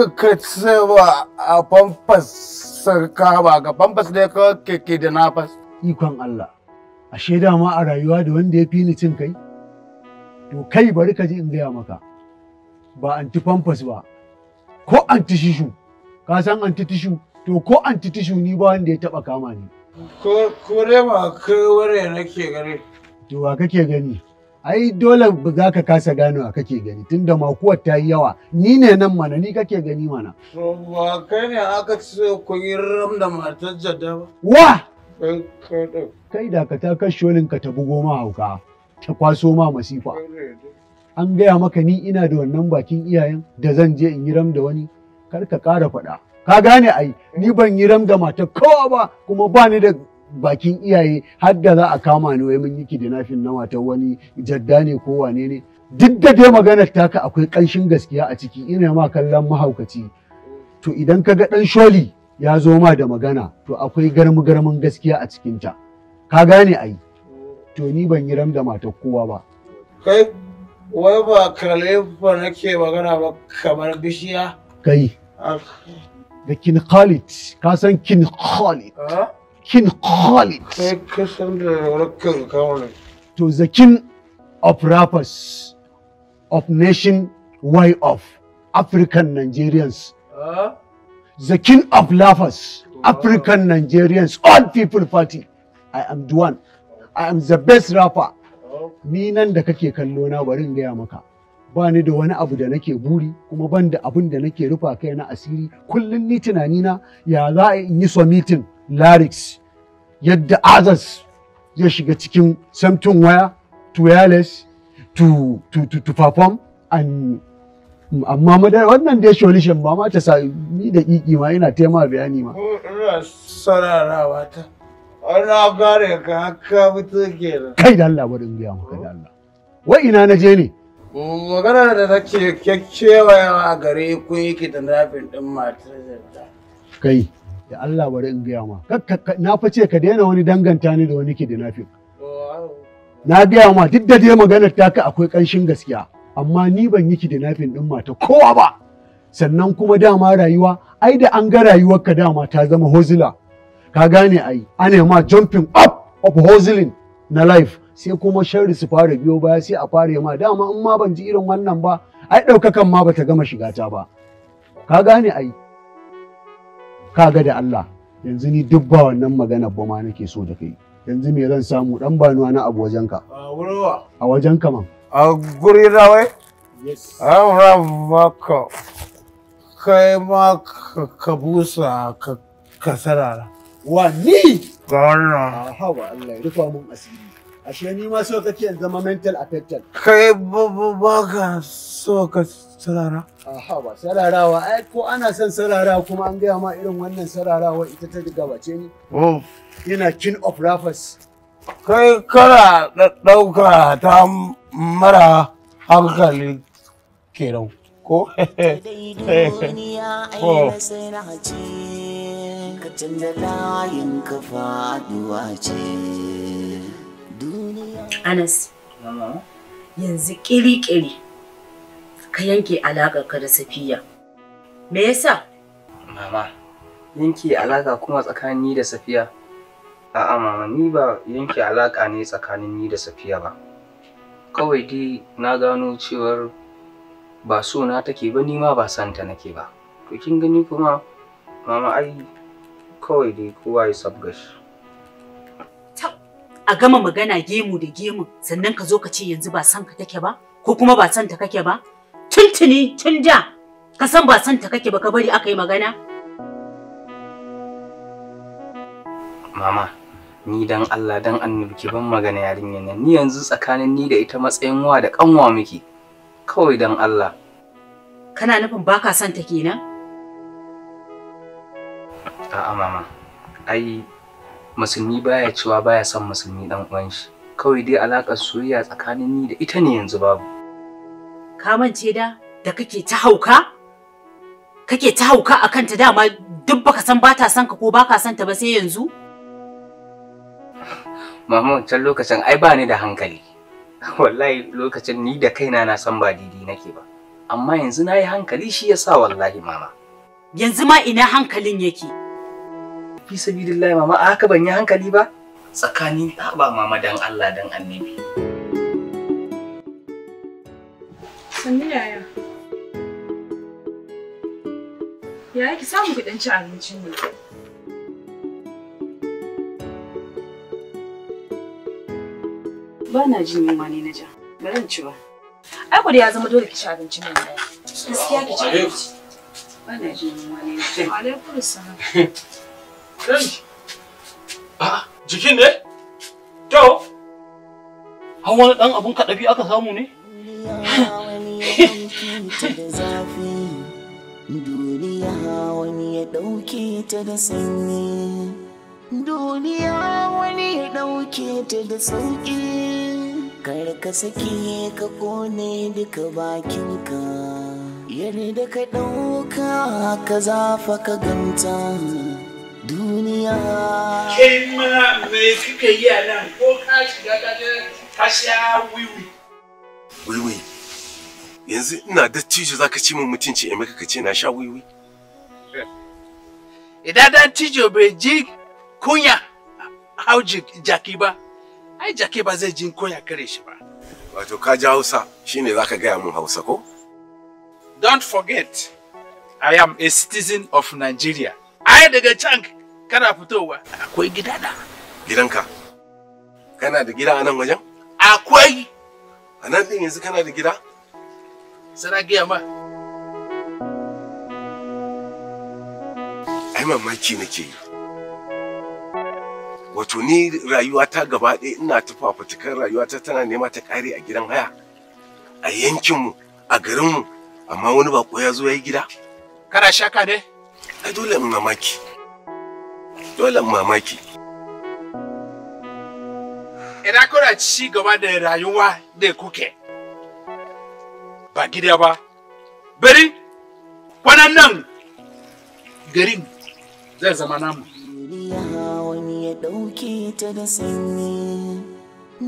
ka cewa a famfas sarka ba ga famfas ne ka keke da nafas. Ikon Allah, ashe dama a rayuwa da wanda ya fi ni cin kai? To kai bari ka ji in gaya maka, ba anti famfas ba, ko anti shishu, ka san anti tishu, to ko anti tishu ni ba wanda ya taba kama ni. Ko dai ba kai ware nake gani. To wa kake gani? ai dole za ka kasa gano a kake gani tunda makuwar ta yi yawa ni ne nan mana ni kake gani mana ba kai ne aka ce ku yi ram da matar jada wa kai da ka ta kasholin ka ta bugo ma hauka ta kwaso ma masifa an gaya maka ni ina da wannan bakin iyayen da zan je in yi ram da wani kar ka ƙara faɗa ka gane ai ni ban yi ram da matar kowa ba kuma ba ni da bakin iyaye har da za a kama ni wai mun yi kidnapping na wata wani jadda ne ko wane ne duk da dai maganar taka akwai ƙanshin gaskiya a ciki ina ma kallon mahaukaci to idan ka ga ɗan sholi ya zo ma da magana to akwai garmu garmin gaskiya a cikinta ka gane ai to ni ban yi ramda da kowa ba kai wai ba kalefa nake magana ba kamar bishiya kai ah. da kin khalid ka san kin khalid ah? King Khalid. Kai ka san To the king of rappers of nation why of African Nigerians. Huh? The king of laughers, African Nigerians, all people party. I am the one. I am the best rapper. Ni nan da kake kallo na bari in gaya maka. Ba ni da wani abu da nake buri kuma ban da abin da nake rufa kai na asiri. Kullum ni tunani na ya za in yi so meeting larynx yadda others zai shiga cikin something waya to wireless to, to, to, to perform and amma wannan dai solution ba ma ta ni da kiki ma yana tema bayani ma. Ina sararawa ta. Ana gare ka haka fito kenan. Kai da Allah bari in gaya maka da Allah. Wai ina na je ne? Magana da take kyakkyawa a gare kun yake da nafin din matar da. Kai. da Allah bari in gaya ma na fa ka daina wani danganta ni da wani kidnapping na gaya ma duk da dai maganar ka akwai ƙanshin gaskiya amma ni ban yi kidnapping din mata kowa ba sannan kuma dama rayuwa ai da an ga rayuwar rayuwarka dama ta zama hozila ka gane ai ana ma jumping up of hozilin na life sai kuma sharri su fara biyo baya sai a fara ma dama in ma ban ji irin wannan ba ai ɗaukakan ma bata gama shiga ta ba ka gane ai kaga da Allah yanzu ni duk ba wannan magana ba ma nake so da kai yanzu me zan samu dan banuwa na abu wajen ka. a ka man a guri wai yes an kai ma ka busa ka sarara wa ni ga Allah ba Allah ya rufa mun asiri Ashe ni ma so kake in zama mental affected. Kai ba ka so ka sarara. Aha ba sararawa ai ko ana son sarara kuma an gaya ma irin wannan sararawa ita ta gabace ni. Ina king of rappers. Kai kana dauka ta mara hankali kenan ko? Ko. Oh. Ka canza layin ka faduwa ce. Anas, yanzu ƙiri-ƙiri ka yanke ka da Safiya. Me yasa? Mama, yanke alaƙa kuma tsakanin ni da Safiya. A'a mama, ni ba yanke alaƙa ne tsakanin ni da Safiya ba. Kawai dai na gano cewar ba so na take ba ni ma ba santa nake ba. To kin gani kuma mama ai kawai dai kowa ya sabgashi. a gama magana gemu da gemu sannan ka zo ka ce yanzu ba san ka take ba ko kuma ba san ta kake ba tuntuni tun da ka san ba san ta kake ba ka bari aka yi magana mama ni dan Allah dan annabi ki ban magana yarinyar nan ni yanzu tsakanin ni da ita matsayin wa da kanwa miki kawai dan Allah kana nufin baka san ta kenan a'a mama ai musulmi baya cewa baya son musulmi dan uwan shi kawai dai alakar soyayya tsakanin ni da ita ne yanzu babu ka mance da da kake ta hauka kake ta hauka akan ta dama duk baka san ba ta son ka ko baka son ta ba sai yanzu mama wancan lokacin ai ba ni da hankali wallahi lokacin ni da kaina na san ba didi nake ba amma yanzu na yi hankali shi yasa wallahi mama yanzu ma ina hankalin yake fi sabilillahi mama a haka ban yi hankali ba tsakani ta ba mama dan Allah dan annabi sanni yaya yaya ki samu ki ci abincin ne ba na jin yunwa ne na ja bari in ci ba ai ku da ya zama dole ki ci abincin nan gaskiya ki ci ba na jin yunwa ne na ja alaikum Kai! A jikin ne? To! Har wani ɗan abun kaɗafi aka samu ne? Duniya wani ya ɗauke ta da sanyi. Duniya wani ya ɗauke ta da sauƙi. Kar ka sake ka kone duka bakinka. Yarda ka ɗauka ka zafa ka gamta duniya kai ma me kika yi a nan ko ka shiga ka je ka sha wiwi wiwi yanzu ina da cijo zaka ci min mutunci in maka kace na sha wiwi idan dan cijo bai ji kunya hau jaki ba ai jaki ba zai ji kunya kare shi ba wato ka ji hausa shine zaka gaya mun hausa ko don't forget i am a citizen of nigeria ai daga can kana fitowa akwai gida da gidanka kana da gida a nan wajen akwai a nan din yanzu kana da gida sana gaya ma ai mamaki nake yi wato ni rayuwata gaba ɗaya ina rayuwa rayuwata tana nema ta ƙare a gidan haya a yankinmu a garinmu amma wani baƙo ya zo ya yi gida kana shaka ne ai dole in mamaki dole mamaki ina kuna ci gaba da rayuwa da kuke ba gida ba bari kwanan garin zai zama namu wani ɗauke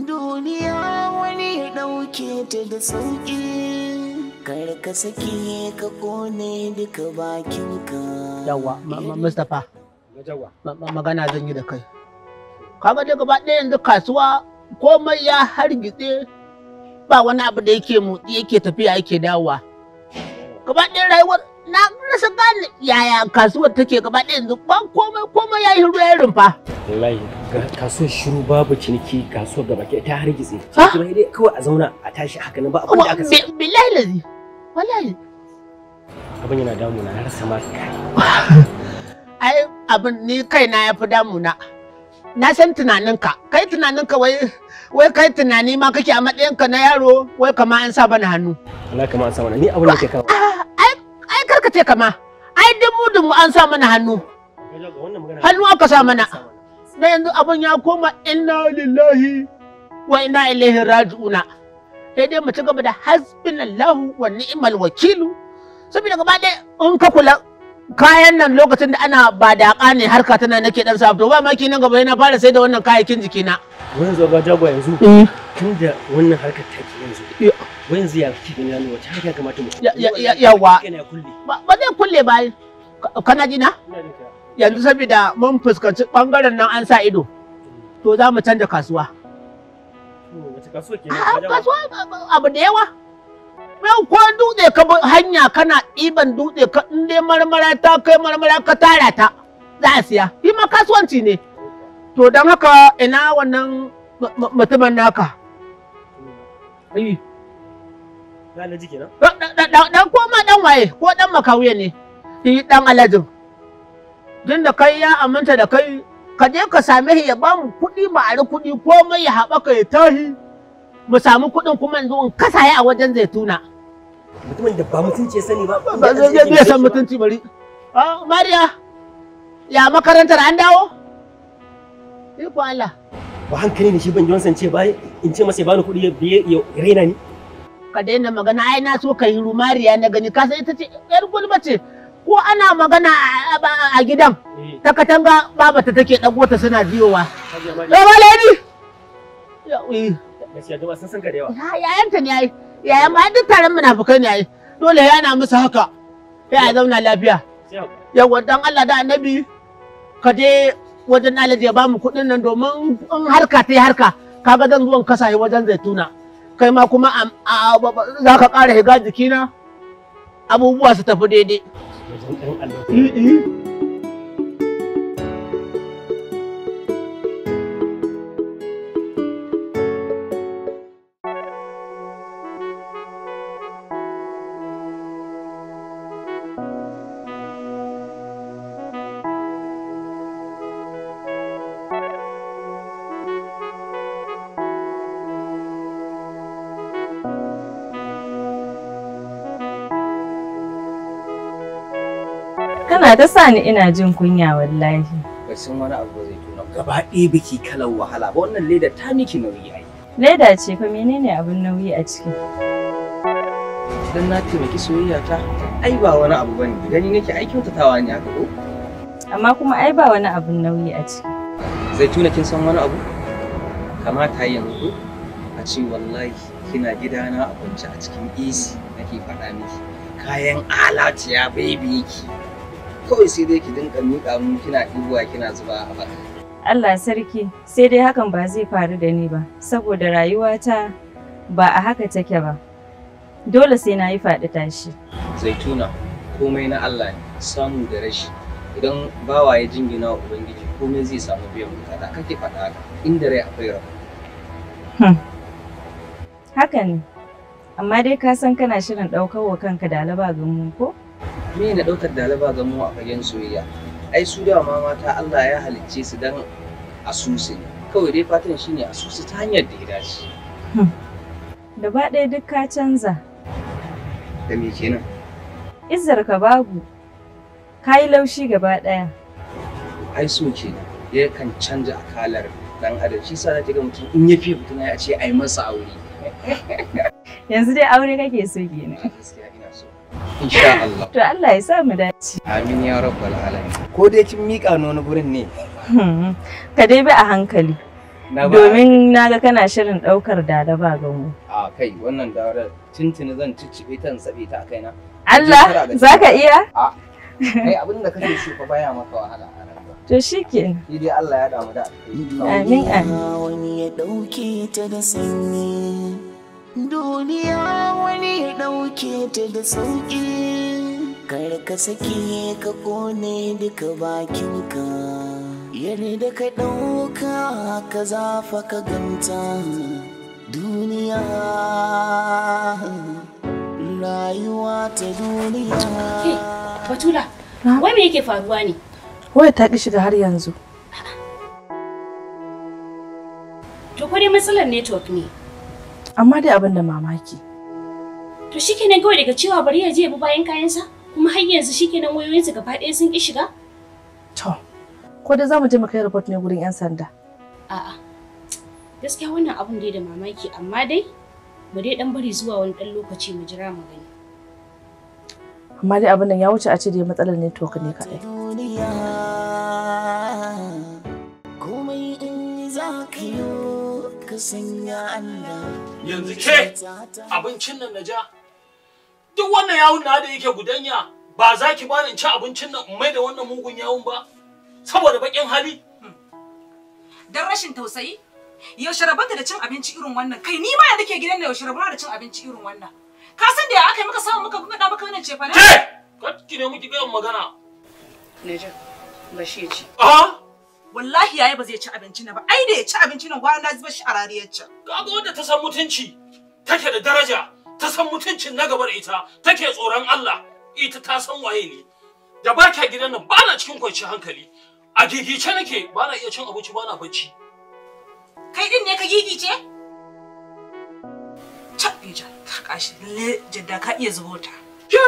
duniya wani ya ɗauke ta da sauƙi kar ka sake ka ƙone duka bakinka yawa mustapha magana zan yi da kai kaga dai gaba ɗaya yanzu kasuwa komai ya hargitse ba wani abu da yake motsi yake tafiya yake dawowa gaba ɗaya rayuwar na rasa gane yaya kasuwar take gaba ɗaya yanzu ba komai komai ya yi ruwa rumfa wallahi kasuwar shiru babu ciniki kasuwar gaba ɗaya ta hargitse ah! kuma dai kawai a zauna a tashi haka nan ba abin da aka sani billahi lazi wallahi abin yana damuna na rasa ma kai ai abin ni kaina ya fi damuna na san tunaninka kai tunaninka wai wai kai tunani ma kake a matsayinka na yaro wai kama an sa bana hannu Allah kama an sa mana ni abin da ke kawo ah, ai ai karkace kama ai dumu dumu an sa mana hannu hannu aka sa mana na yanzu abin ya koma inna lillahi wa inna ilaihi raji'una sai dai mu ci gaba da hasbinallahu wa ni'mal wakilu saboda gaba dai in ka kula kayan nan lokacin da ana ba daƙa ne harka tana nake dan sa to ba maki nan gaba yana fara sai da wannan kayayyakin jikina wani zo ga jagwa yanzu eh. tun da wannan harkar ta ke yanzu wani yanzu ya kike ne wata harka kamata mu yawa ba zai kulle ba kana ji na yanzu saboda mun fuskanci bangaren nan an sa ido to za mu canja kasuwa kasuwa abu da yawa ɗan ko dutse ka hanya kana ɗiban dutse ka in dai marmara ta kai marmara ka tara ta za a siya shi ma kasuwanci ne to don haka ina wannan mutumin naka dan koma dan waye ko dan makawiya ne shi dan alajin tun da kai ya aminta da kai ka je ka same shi ya ba mu kuɗi ba a kuɗi komai ya haɓaka ya tashi mu samu kuɗin kuma yanzu in kasa ya a wajen zaituna. mutumin da ba mutunci ya sani ba ba zai bai san mutunci bari ah, mariya ya makarantar an dawo iko Allah ba hankali ne shi ban Johnson ce ba in ce masa ya bani kuɗi ya rena ni ka daina magana ai na so ka yi rumariya na gani ka san ita ce yar gulma ce ko ana magana a gidan eh. ta katanga baba ta take dago ta suna biyowa ya ba lady ya uyi gaskiya jama'a sun san ka da yawa yayanta ne ai yaya ma duk taron munafukai ne ai dole yana musu haka ya a zauna lafiya yawa dan Allah da annabi ka je wajen alaji ya bamu kuɗin nan domin in harka ta yi harka kaga zan zuwan kasa wajen zaituna kai ma kuma za ka ƙara higa jikina abubuwa su tafi daidai. ta sa ni ina jin kunya wallahi. Bai san wani abu zai tona gaba ɗaya biki kalar wahala ba wannan leda ta miki nauyi ai. Leda ce fa menene abin nauyi a ciki? Dan na taimaki soyayya ta ai ba wani abu bane gani nake ai kyautatawa ne haka ko? Amma kuma ai ba wani abin nauyi a ciki. Zai tuna kin san wani abu? Kamata yanzu a ce wallahi kina gidana a kwance a cikin AC nake faɗa miki. Kayan alatiya baby ki. kawai sai dai ki dinka miƙa mu kina ɗibuwa kina zuba a baka. Allah sarki sai dai hakan ba zai faru da ni ba saboda rayuwata ba a haka take ba dole sai na yi faɗi tashi. Zaituna komai na Allah ne samu da rashi idan bawa ya jingina wa Ubangiji komai zai samu biyan bukata kake faɗa haka inda rai akwai rabo. Hmm. Haka ne amma dai ka san kana shirin ɗaukar wa kanka da alaba mu ko? me na ɗaukar dalaba ga mu a fagen soyayya ai su da ma mata Allah ya halicce su dan asusu kawai dai fatan shine asusu ta hanyar da ya dace Da hmm. ba ɗaya duk ka canza da me kenan izzar ka babu ka yi laushi gaba ɗaya ai so ya yakan canja akalar dan adam shi sa zaki ga mutum in ya fi mutum ya ce ai masa aure yanzu dai aure kake so kenan insha Allah to Allah ya sa mu dace amin ya rabbal alamin ko dai kin mika nono gurin ne hmm. ka dai bi a hankali domin na ga kana shirin daukar dada ba mu. a kai wannan dawar tintini zan ciccibe ta in sabe ta kaina Allah zaka iya a kai abin da kake so fa baya maka wahala To shi ke. Shi dai Allah ya damu da. Amin amin. Wani ya dauke ta da sanyi. duniya wani ɗauke ta da sauƙi kar ka sake ka ƙone duka bakinka yadda ka ɗauka ka zafa ka gamta duniya rayuwa ta duniya batula wai me yake faruwa ne wai ta ƙi shiga har yanzu to ko dai matsalar network ne amma dai abin da mamaki to shikenan kawai daga cewa bari ya je ya bi bayan kayansa kuma har yanzu shikenan wayoyinsa gaba ɗaya sun ki shiga to ko da za mu je mu kai report ne gurin yan sanda a'a gaskiya wannan abun dai da mamaki amma dai mu dai dan bari zuwa wani dan lokaci mu jira mu gani amma dai abin nan ya wuce a ce dai matsalar ne to ne kaɗai Yanzu ke abincin nan na ja, duk wannan yawun na da yake gudanya ba za ki bani ci abincin nan mai da wannan mugun yawun ba, saboda baƙin hali. Don rashin tausayi, yaushe rabanta da cin abinci irin wannan, kai ni ma da ke gidan da yaushe rabanta da cin abinci irin wannan. Ka san da ya aka yi maka samu muka buɗa maka wannan cefane? Ke! Ka ki ne muke gayan magana. Naja, shi ya ci. Ah! wallahi yayi ba zai ci abinci na ba ai da ya ci abinci nan gwaran da zuba shi a rariyar can kaga wanda ta san mutunci take da daraja ta san mutuncin na gaba da ita take tsoron Allah ita ta san waye ne da ba ka gidan nan ba na cikin kwanci hankali a gigice nake ba na iya cin abinci ba na bacci kai din ne ka gigice cabija ta kashi le, jadda ka iya zubota ke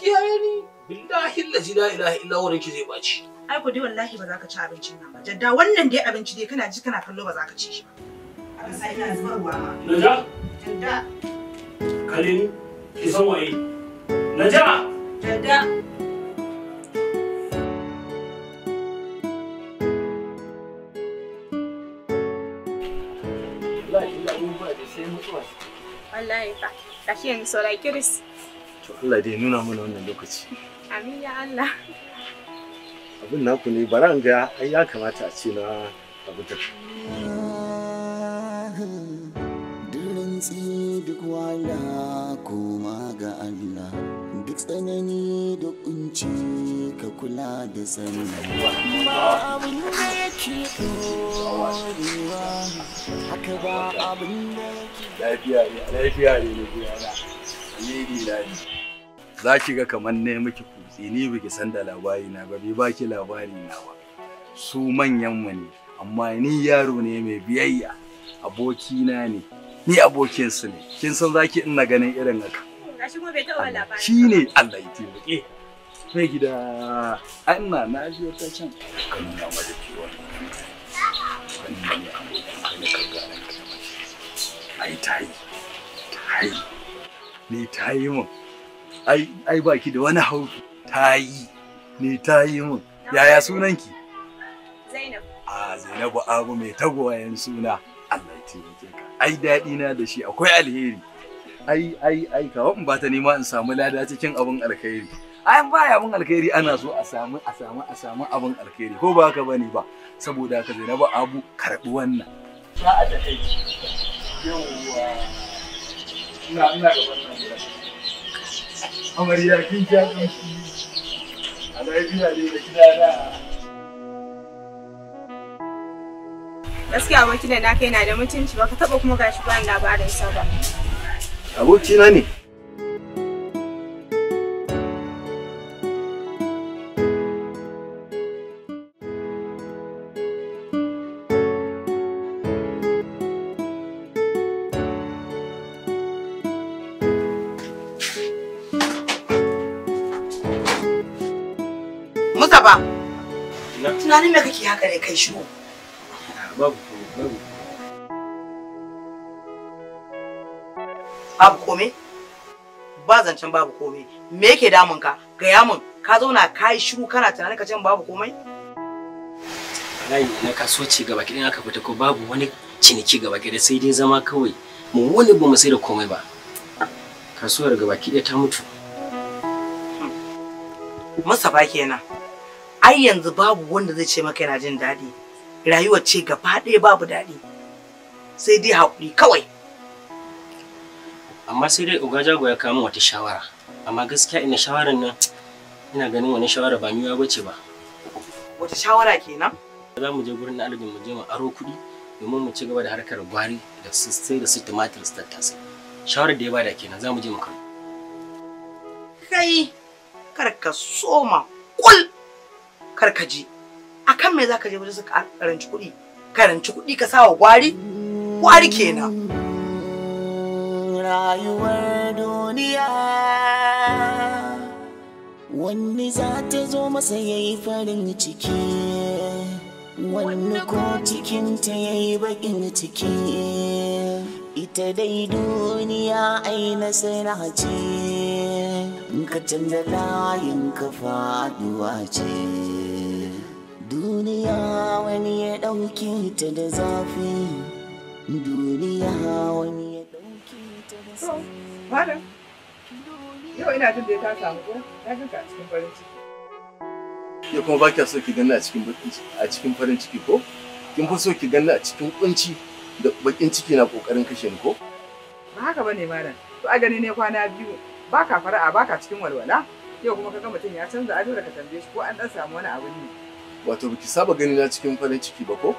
Ke ni billahi la ilaha illa wurin ki zai baci ai ku dai wallahi ba za ka ci abincin nan ba jadda wannan dai abinci dai kana ji kana kallo ba za ka ci shi ba abin sai ina zuwa ruwa ma naja jadda kalin ki san waye naja jadda Wallahi fa, tashi yanzu saurayi kiris. To Allah dai nuna mana wannan lokaci. Amin ya Allah. abin naku ne bara in ga ai ya kamata a ce na abu da duk wala koma ga Allah duk tsanani da kunci ka kula da sani abin da yake ɗorewa haka ba abin da yake lafiya ne lafiya ne ne ne ne za ki ga kamar ne miki kutse ni biki san da labari na ba bi baki labari na ba su manyan mu ne amma ni yaro ne mai biyayya aboki na ne ni abokin su ne kin san zaki ina ganin irin haka shi ne Allah ya taimake mai gida ina na ji ta can kan nuna mata kiwon ne ai ta yi ta yi ni ta yi mun ai ai baki da wani hauki ta yi ne ta yi mun yaya sunanki zainab zainabu abu mai tagwayen suna allah ya taimake ka ai daɗi na da shi akwai alheri ai ai ai kawo in ta nema in samu lada cikin abin alkhairi ai baya abin alkhairi ana so a samu a samu a samu abin alkhairi ko ba ka bani ba saboda ka zainabu abu karɓi wannan da kai yawwa ina ina gaban nan amarya kin ja shi a lafiya ne da gida da gaskiya abokina da na kai na da mutunci ba ka taba kuma gashi ba labarin sa ba abokina ne haka da kai shigo. Babu Babu kome? Ba zancen babu kome. Me yake daman ka? Gaya ka zauna ka yi shiru kana tunanin ka can babu komai? Wallahi na kaso ci gaba kidan aka fita ko babu wani ciniki gaba kidan sai dai zama kawai. Mu wani ba mu sai da komai ba. Kasuwar gaba kidan ta mutu. Mustapha kenan. har yanzu babu wanda zai ce maka yana jin daɗi rayuwar ce gaba ɗaya babu daɗi sai dai haƙuri kawai amma sai dai uga jago ya kawo wata shawara amma gaskiya ina shawarar nan ina ganin wani shawara ba miya bace ba wata shawara kenan za mu je gurin na mu je mu aro kuɗi domin mu ci gaba da harkar gwari da su sai da su tumatir su tattasai shawarar da ya bada kenan za mu je mu kai kai kar ka soma kul kar ka je akan me zaka je wajen su karanci kuɗi karanci kuɗi ka sawa gwari gwari kenan rayuwar duniya wani za ta zo masa yayi farin ciki wani ko cikinta yayi baƙin ciki ita dai duniya sai na ce ka canza layin ka faduwa ce duniya wani ya dauke ta da zafi duniya wani ya dauke ta da zafi yau ina jin da ya ta samu ko na ka a cikin farin ciki ya kuma ba kya so ki ganna a cikin a cikin farin ciki ko kin fi so ki ganna a cikin kunci da bakin ciki na kokarin kashe ni ko? Ba haka bane malam. To a gani ne kwana biyu baka fara'a baka cikin walwala. Yau kuma kaga mutum ya canza ado da ka tambaye shi ko an dan samu wani abu ne. Wato baki saba gani na cikin farin ciki ba ko?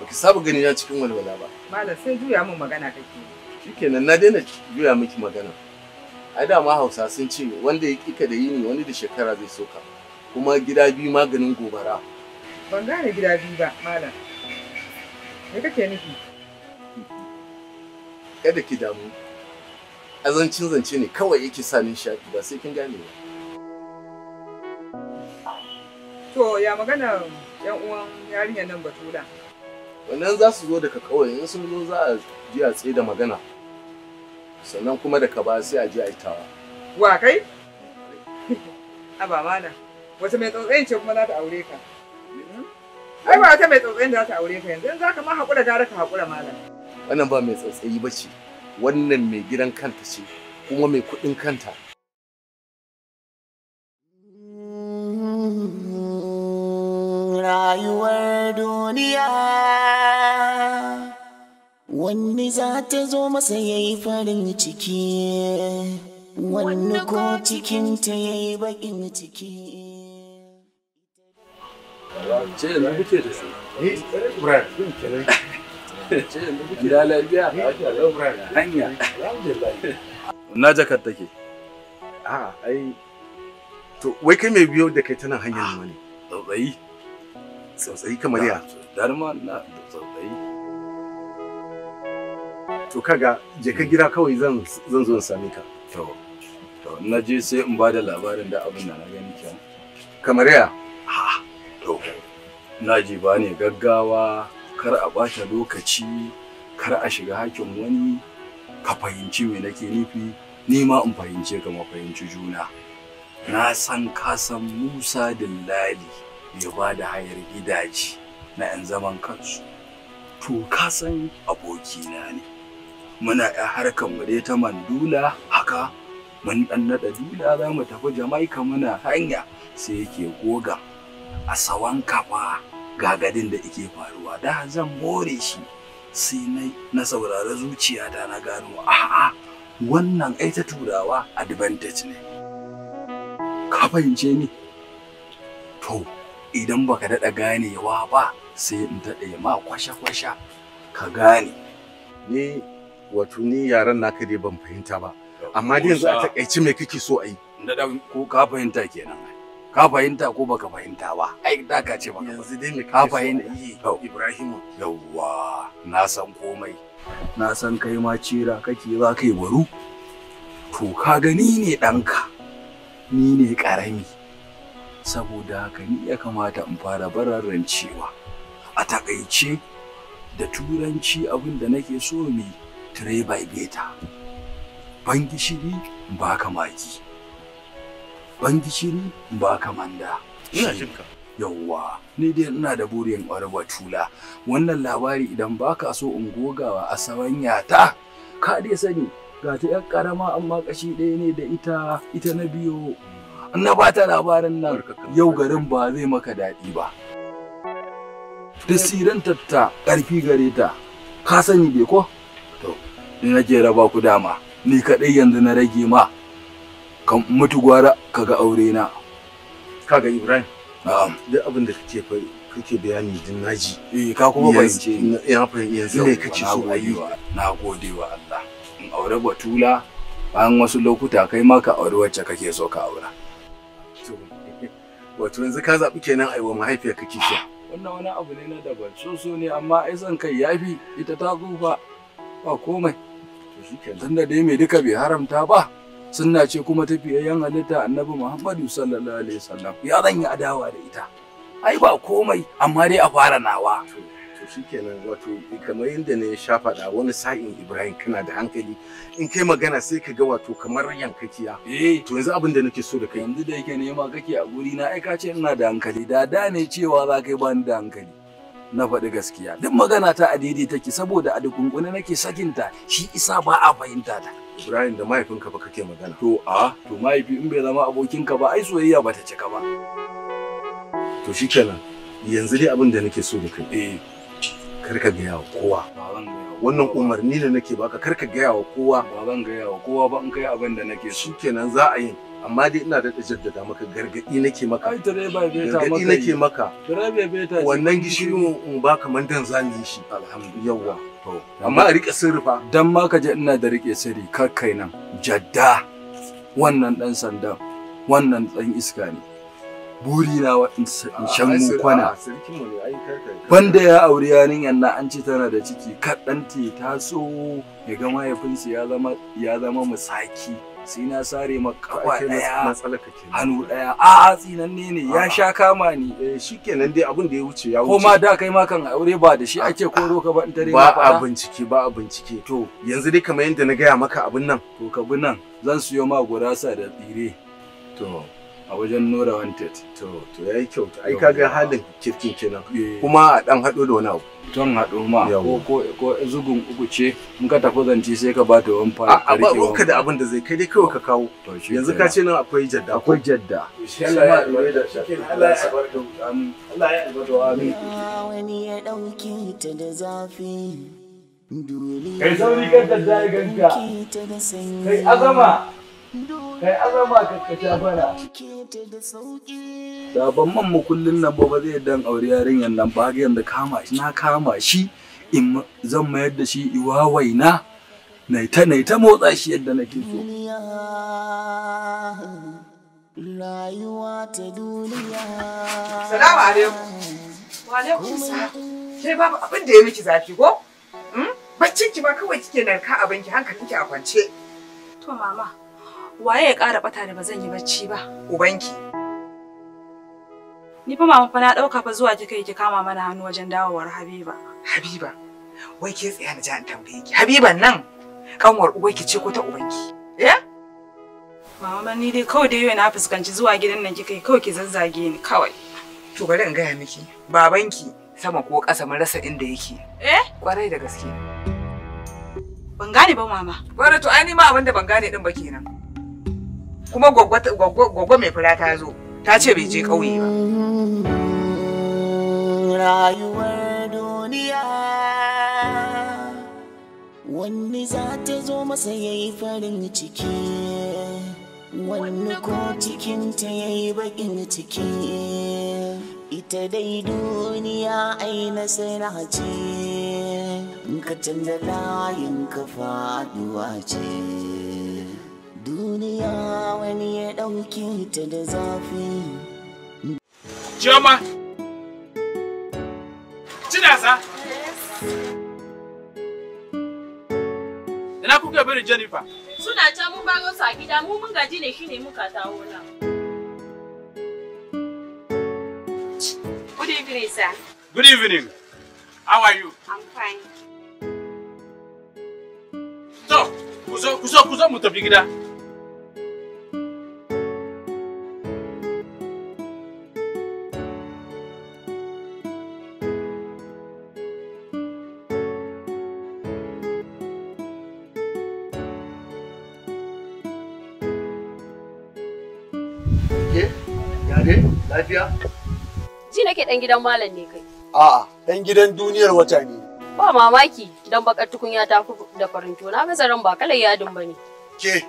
Baki saba gani na cikin walwala ba. Malam sai juya min magana kake. Shikenan na daina juya miki magana. Ai da ma Hausa sun ce wanda ya kika da yini wani da shekara zai soka. Kuma gida biyu maganin gobara. Ban gane gida biyu ba, malam. Me kake nufi? Kada ki damu. Azancin zance ne kawai yake sa ni shafi ba sai kin gane ba. To ya magana yan uwan yarinyar nan Batula. Wannan za su zo daga kawai in sun zo za a je a tsaye da magana. Sannan kuma daga ba sai a ji a yi tawa. Wa kai? Aba mana. Wata mai tsautsayin ce kuma za ta aure ka. Ai ba wata mai tsautsayin da za ta aure ka yanzu, in za ka ma haƙura gara ka haƙura malam. Wannan ba mai tsautsayi ba ce, wannan mai gidan kanta ce, kuma mai kuɗin kanta. Rayuwar duniya Wanne za ta zo masa ya yi farin ciki, wanne ko cikinta ya yi baƙin ciki. ce yanzu kuke da su ni brad din kenan ce yanzu kuke da lafiya hanya alhamdulillah na jakar take a'a ai to wai kai mai biyo da kai tana hanyar ne tsautsayi tsautsayi kamar ya darma na tsautsayi to kaga jeka ka gida kawai zan zan zo same ka to to na je sai in ba da labarin da abin da na gani kenan kamar ya To, naji ba ne gaggawa kar a ɓata lokaci kar a shiga hakin wani ka fahimci me nake nufi ni ma in fahimce ka mafahimci juna. Na san ka san Musa Dillali ya ba da hayar gidaje na 'yan zaman kansu. To ka san abokina ne. Muna 'yan harkar mu dai ta mandula haka mun dan naɗa dula za mu tafi Jamaika muna hanya sai yake goga. a sawan kafa gagadin da ike faruwa da zan more shi sai na na saurari zuciya da na gano a'a wannan ai ta turawa advantage ne ka fahimce ni to idan baka daɗa ganewa ba sai in daɗe ma kwasha-kwasha ka gane ni wato ni yaran naka dai ban fahimta ba amma dai yanzu a takaici me kake so a yi ko ka fahimta kenan ka fahimta ko baka fahimta ba ai da ka ce baka yanzu dai ka fahimta eh, Ibrahim yawwa na san komai na san kai ma cira kake za kai baro to ka gani ne ɗanka ni ne ƙarami saboda haka ni ya kamata in fara cewa a takaice da turanci abin da nake so mi tray by beta ban gishiri ba ka maki ban gishiri ba kamanda ina jinka yawwa ni dai ina da burin ƙwarba tula wannan labari idan baka so in gogawa a sawanya ta ka dai sani ga ta yar karama amma kashi ɗaya ne da ita ita na biyo na ba ta labarin nan yau garin ba zai maka daɗi ba tasirantar ta ƙarfi gare ta ka sani bai ko to na je ku dama ni kaɗai yanzu na rage ma kan mutu gwara kaga aure na kaga ibrahim na'am duk abin da kake fa kake bayani din naji eh ka kuma bayyance ya fahimci yanzu ne kace so ayi na gode wa Allah in aure batula bayan wasu lokuta kai ma ka aure wacce kake so ka aura wato yanzu ka zaɓi kenan aiwa mahaifiyar kake sha wannan wani abu ne na daban so so ne amma ai zan kai yafi ita ta tsufa ba komai to shikenan tunda dai me duka bai haramta ba sunna ce kuma tafiyayyen halitta annabi muhammadu sallallahu alaihi wasallam ya zan yi adawa da ita ai ba komai amma dai a fara nawa to shikenan wato kamar yadda ne sha faɗa wani sa'in ibrahim kana da hankali in kai magana sai ka ga wato kamar yankakiya Eh, to yanzu abin da nake so da kai yanzu da yake nema kake a guri na ai ka ce ina da hankali da da ne cewa za kai bani da hankali na faɗi gaskiya duk magana ta a take saboda a dukunkune nake sakinta shi isa ba a fahimta ta Ibrahim da mahaifinka ba kake magana. To a to mahaifi in bai zama abokinka ba ai soyayya ba ta cika ba. To shikenan yanzu dai abin da nake so da kai. Eh kar ka gaya wa kowa. Wannan umarni da nake baka kar ka gaya wa kowa. Ba zan gaya wa kowa ba in kai abin da nake so. Shikenan za a yi amma dai ina da jaddada maka gargadi nake maka tare bai maka gargadi nake maka Tare bai wannan gishirin in baka mandan zamu yi shi alhamdulillah yawwa. amma a rike sirri fa dan ma ka je ina da rike sirri kar kai nan jadda wannan dan sandan wannan dan iska ne buri na in shan kwana banda ya aure yarinyar na an ce tana da ciki kar dan ta taso ya ga mahaifinsa ya zama ya zama musaki sai sare ma kafa daya hannu daya a tsinanne ne ya sha kama ni eh, shikenan dai abin da ya wuce ya wuce kuma da kai ma kan aure ba da shi ake koro ka ba in tare ba a bincike ba a bincike to yanzu dai kamar yadda na gaya maka abin nan to ka nan zan siyo ma gurasa da tsire to a wajen Nora Wanted. To, to yayi kyau. Ai kaga halin kirkin kenan. Eh. Kuma a dan hado da wani abu. Ton hado ma ko ko ko zugun uku ce in ka tafi zance sai ka bata wani fara. A ba ka da abin da zai kai dai kawai ka kawo. Yanzu ka ce nan akwai jadda. Akwai jadda. Allah ya albarka. Amin. Wani ya dauke ta da zafi. Kai sauri kan da ganka. Kai azama. kai azama ka ka sha fara da ban man mu kullun nan baba zai dan aure yarinyan nan ba ga yanda kama shi na kama shi in zan mayar da shi iwawai na ta na ta motsa shi yadda nake so rayuwa ta duniya salamu alaikum wa alaikum salam sai babu abin da ya miki zafi ko hmm? baccin ki ma kawai kike nan ka abin ki hankalinki a kwance to mama waye ya ƙara bata da ba zan yi bacci ba ubanki ni fa mama fa na dauka fa zuwa kika yi ki kama mana hannu wajen dawowar habiba habiba wai ke tsaya na ji an tambaye ki Habiba nan kanwar ki ce ko ta ubanki eh mama ni dai kawai dai yau na fuskanci zuwa gidan nan kika yi kawai ki zazzage ni kawai to bari in gaya miki babanki sama ko ƙasa mun rasa inda yake eh kwarai da gaske ban gane ba mama Bara to ai ni ma abin da ban gane din ba kenan kuma gwaggwa mai fura ta zo ta ce bai je ƙauye ba rayuwar duniya wani za ta zo masa ya yi farin ciki wani ko cikinta ya yi baƙin ciki ita dai duniya ai nasara ce ka canza layin kafa duwa ce duniya wani ya ɗauke ta da zafi Chioma Yes Ina kuka bari Jennifer Suna can mun baro su a gida mu mun gaji ne shine muka dawo na Good evening sir Good evening How are you I'm fine To, kuzo, kuzo, kuzo mu tafi gida. gida? Ji nake dan gidan malam ne kai. A'a, dan gidan duniyar wata ne. Ba mamaki dan bakar tukunya ta fi da farinto na ran ba kalar yadin bane. Ke,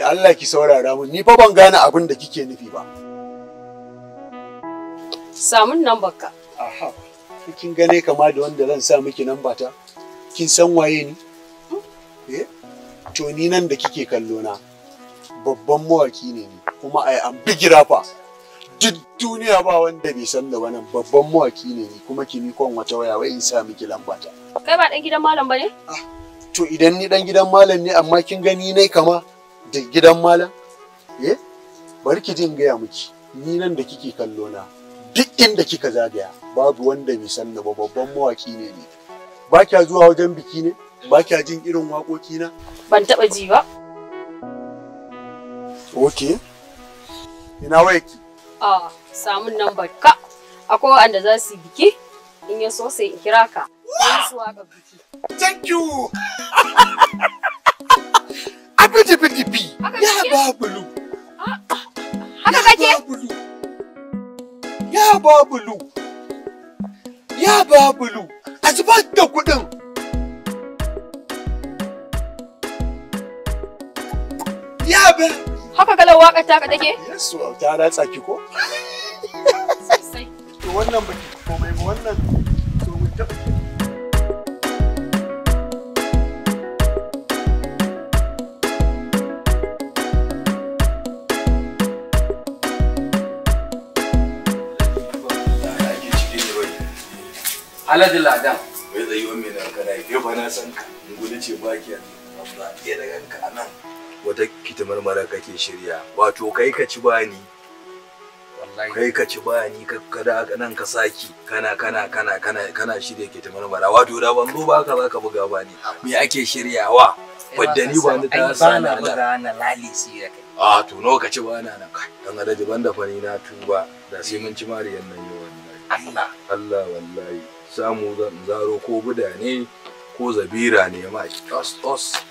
da Allah ki saurara mu ni fa ban gane abin da kike nufi ba. Samun nan bakka. Aha, kin gane kama da wanda zan sa miki nan bata? Kin san waye ni? Hmm? Eh? To ni nan da kike kallo na babban mawaki ne ni kuma ai am big rapper. duk duniya ba wanda bai san da wannan babban mawaki ne ni kuma ki kon wata waya wai in sa miki lamba ta kai ba dan gidan malam bane ah, to idan ni dan gidan malam ne amma kin gani nai kama da gidan malam eh bari ki jin gaya miki ni nan da kike kallo na duk inda kika zagaya babu wanda bai san da babban mawaki ne ni ba kya zuwa wajen biki ne ba kya jin irin waƙoƙi na ban taba ji ba okay ina wayaki a samun nan ka akwai wanda za su biki in ya so sai in kira ka thank you abiji biji bi ya babulu haka kake ya babulu ya babulu a zubar da kudin ya babulu Haka kalar waƙar taka take? Yes, wow, ta ratsa tsaki ko? Sosai. To wannan baki komai ba wannan to mun tabbata Alhaji Ladan. Wai tsayi wa mai daga na biyu ba na san ka. Gudu ce ba ki a ɗaya daga ka a nan. wata kitimar mara kake shirya wato kai ka ci bani kai ka ci bani kada nan ka saki kana kana kana kana kana shirya kitimar mara wato da ban zo ba ka za ka buga bani me ake shiryawa eh, wadda ni ba ni ta sana na na lalisi da kai a to nawa ka ci bana nan kai dan alaji banda fani na tuba da sai mun ci yan nan yau wallahi Allah Allah wallahi samu zan zaro ko buda ne ko zabira ne ma os os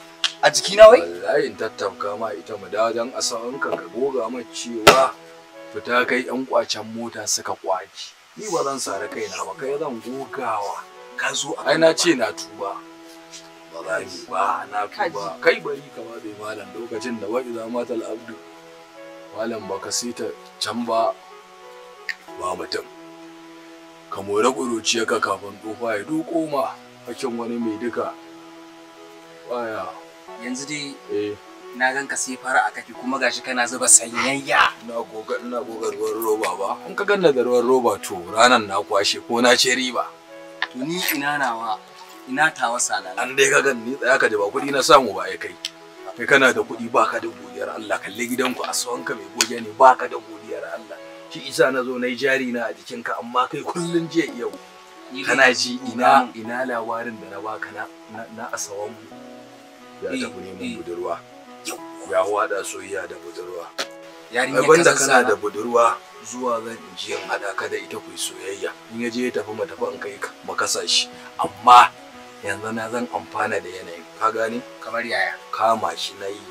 a jikina wai wallahi in tattauka ma ita mu dawo dan asawanka ka goga ma cewa fita kai yan kwacen mota suka kwaki. ni ba zan sare kaina ba kai zan gogawa ka zo ai na ce na tuba ba za ba na tuba kai bari ka ba bai malam lokacin da wa'i za matal abdu malam baka sita can ba ba mutum ka more ka kafin tsufa ya duƙo ma hakin wani mai duka baya yanzu dai eh. na gan ka sai fara aka kafi kuma gashi kana zuba sanyayya na goga ina goga ruwan roba ba in ka ganna da ruwan roba to ranan na kwashe ko na ce riba to ni ina nawa ina tawa salala an dai ka ganni tsaya ka da ba kuɗi na samu ba ai kai kai kana da kuɗi baka da godiyar Allah kalle gidanku a sawanka mai goge ne baka da godiyar Allah shi isa na zo na jari na a jikinka amma kai kullun jiya yau kana ji ina ina labarin da na baka na na asawanku? ya eh, tafi neman eh. budurwa ya wada soyayya da budurwa abin da kana da budurwa zuwa zan ji in haɗa ka da ita ku soyayya in ya je ya tafi mu in kai makasa shi amma yanzu na zan amfana da yanayin ka gane kamar yaya kama shi na yi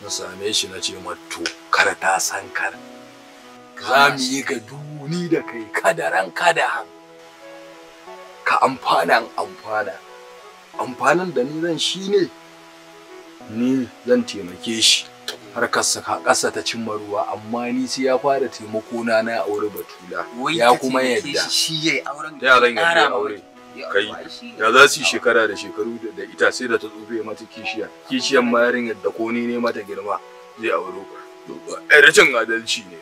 na same shi na ce to ta san kar za mu yi ka duni da kai kada ran kada ka amfana amfana amfanin da ni zan shi ne ni zan taimake shi har ƙasa ta cimma ruwa amma ni sai ya fara taimako na na aure batula ya kuma yadda shi yayi auren da yaran ya aure kai ya za su yi shekara da shekaru da ita sai da ta tsufe mata kishiya kishiyan ma yadda ko ni ne mata girma zai auro ai rashin adalci ne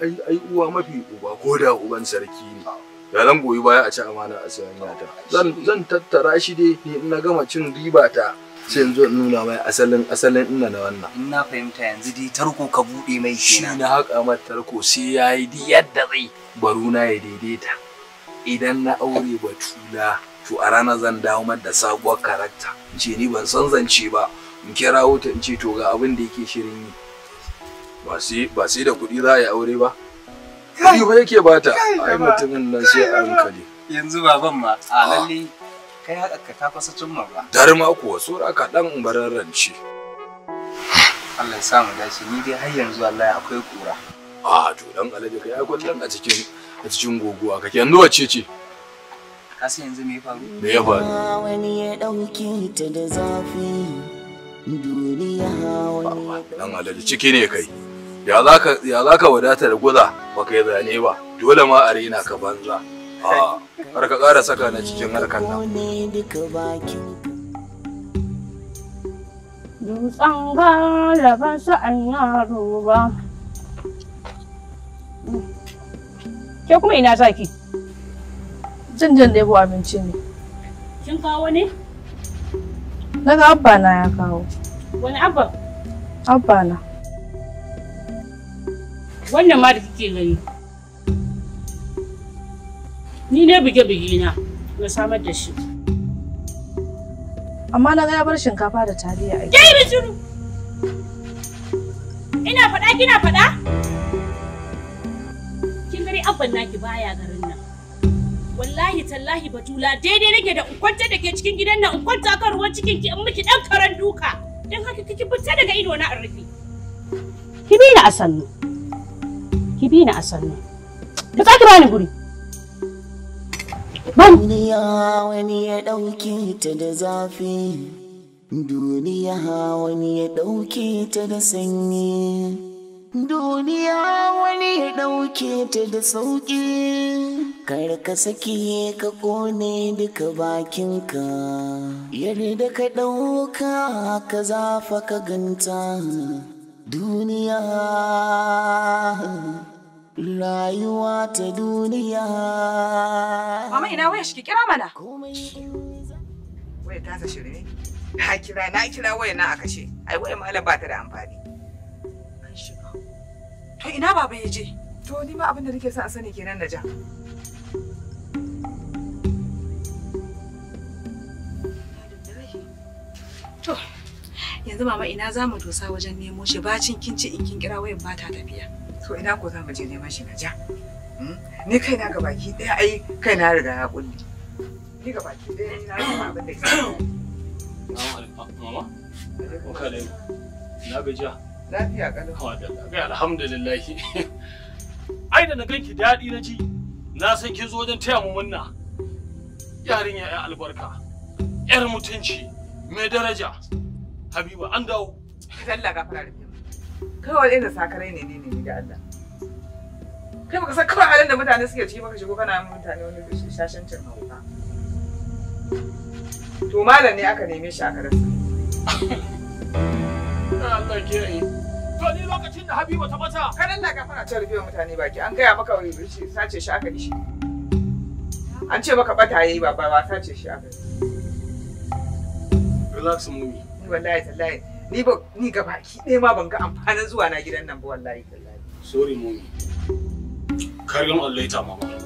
ai ai uwa mafi uba ko da uban sarki ne da goyi baya a ci amana a sayan yata. zan zan tattara shi dai ni na gama cin riba ta sai yanzu in nuna mai asalin asalin ina na wannan in fahimta yanzu dai tarko ka bude mai shi na haƙa mata tarko sai yayi di yadda zai baro na ya daidaita idan na aure batula to a rana zan dawo da sabuwar karakta ce ni ban san zance ba in kira wuta in ce to ga abin da yake shirin yi ba sai da kuɗi za a yi aure ba Ni ba yake bata. Ai mutumin nan sai a hankali. Yanzu baban ma a ah. lalle kai haka ka ta kusa cimma ba. Dar ma kuwa tsora ka dan bararrance. Allah ya sa mu dace ni dai har yanzu Allah ya akwai kura. A to dan alaji kai ai kullun a cikin a cikin goguwa kake yanzu wace ce? Ka san yanzu me ya faru? Me ya faru? Wani ya dauke ta da zafi. Duniya Dan alaji ciki ne kai. ya za ka wadata da guza ba kai zane ba dole ma a rina ka banza har ka ƙara saka na cikin harkar nan dutsen gara ban sa'an yaro ba ke kuma ina zaki jin jin ɗebo abinci ne kin kawo ne daga abba na ya kawo wani abba abba na wannan ma da kike gani ni ne buge-buge na na samar da shi amma na ga ya bar shinkafa da taliya a gida yi shiru ina faɗa kina faɗa kin gari abban naki baya garin nan wallahi tallahi batula daidai nake da kwanta da ke cikin gidan nan kwanta kan ruwan cikin ki in miki dan karan duka dan haka kike fita daga ido na arfi. kibi ki na asannu ki bi ni a sannu ki tsaki bani guri duniya wani ya ɗauke ta da zafi duniya wani ya ɗauke ta da sanyi duniya wani ya ɗauke ta da sauƙi kar ka saki ka ƙone duka bakinka yadda ka ɗauka ka zafa ka ganta duniya rayuwa ta duniya mama ina waya shi kira mana waya ta shirme ha kira na kira waya na aka ce ai waya malam ba ta da amfani to ina baba ya je to ni ma abin da nake son a sani kenan da ja to yanzu mama ina za mu dosa wajen nemo shi bacin kin ci in kin kira wayan ba ta tafiya to ina ko za mu je neman shi na ja hmm? ni kaina ga baki daya ai kaina riga ya kulle ni ga baki daya ina ga abin da ke mama ko ka lai na gajiya lafiya kalau ha da lafiya alhamdulillah ai da na ganki daɗi na ji na san kin zo wajen taya mu munna yarinya ya albarka yar mutunci mai daraja Habiba an dawo. Zalla ka fara rufe. Kawai irin sakarai ne ne ne ga Allah. Kai baka san kawai halin da mutane suke ciki baka shigo kana mutane wani shashancin hauka. To malam ne aka neme shi aka rasa. Allah ke yi. To ni lokacin da Habiba ta bata. Ka Allah ka fara ta rufe mutane baki an gaya maka wani bishi sace shi aka dishi. An ce maka bata yayi baba ba sace shi aka. Relax mummy. wallahi tallahi ni ba ni ga baki ɗaya ma ban ga amfanin zuwa na gidan nan ba wallahi tallahi sorry mummy karyon Allah ya ta mama